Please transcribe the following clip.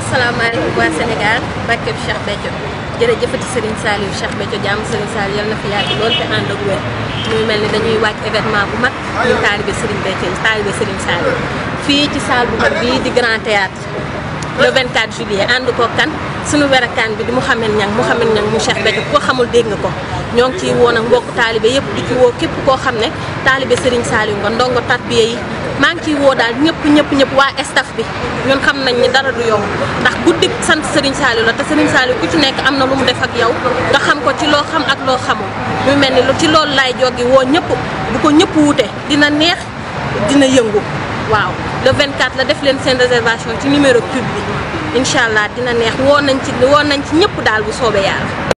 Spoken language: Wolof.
asalaamaaleykum waa Sénégal barkeb Cheikh Béthio jërëjëfati Serigne Saliou Cheikh Béthio jàmm Serigne Saliou yal na fi yàgg lool te ànd ak wér muy mel ni dañuy wàcc événement bu mag ñu taalibe Serigne Béthio taalibe Serigne Saliou fii ci salle bu mag bii di Grand Théâtre le 24 juillet ànd ko kan suñu werakaan bi di ñan Niang Mouhamed Niang mu Cheikh Béthio ko xamul dégg ko ñoo ngi ciy woo nag mbokk taalibe yëpp di ci woo képp koo xam ne taalibe Serigne Saliou nga ndongo tarbiya yi maa ngi ciy woo daal ñëpp ñëpp ñëpp waa staff bi ñun xam nañ ni dara du yomb ndax guddi sant Serigne Saliou la te Serigne Saliou ku ci nekk am na lu mu def ak yow nga xam ko ci loo xam ak loo xamul ñu mel ni lu ci loolu laay joggi woo ñëpp bu ko ñëpp wute dina neex dina yëngu waaw le 24 la def leen seen réservation ci numéro pub bi incha allah dina neex woo nañ ci woo nañ ci ñëpp daal bu soobee yàlla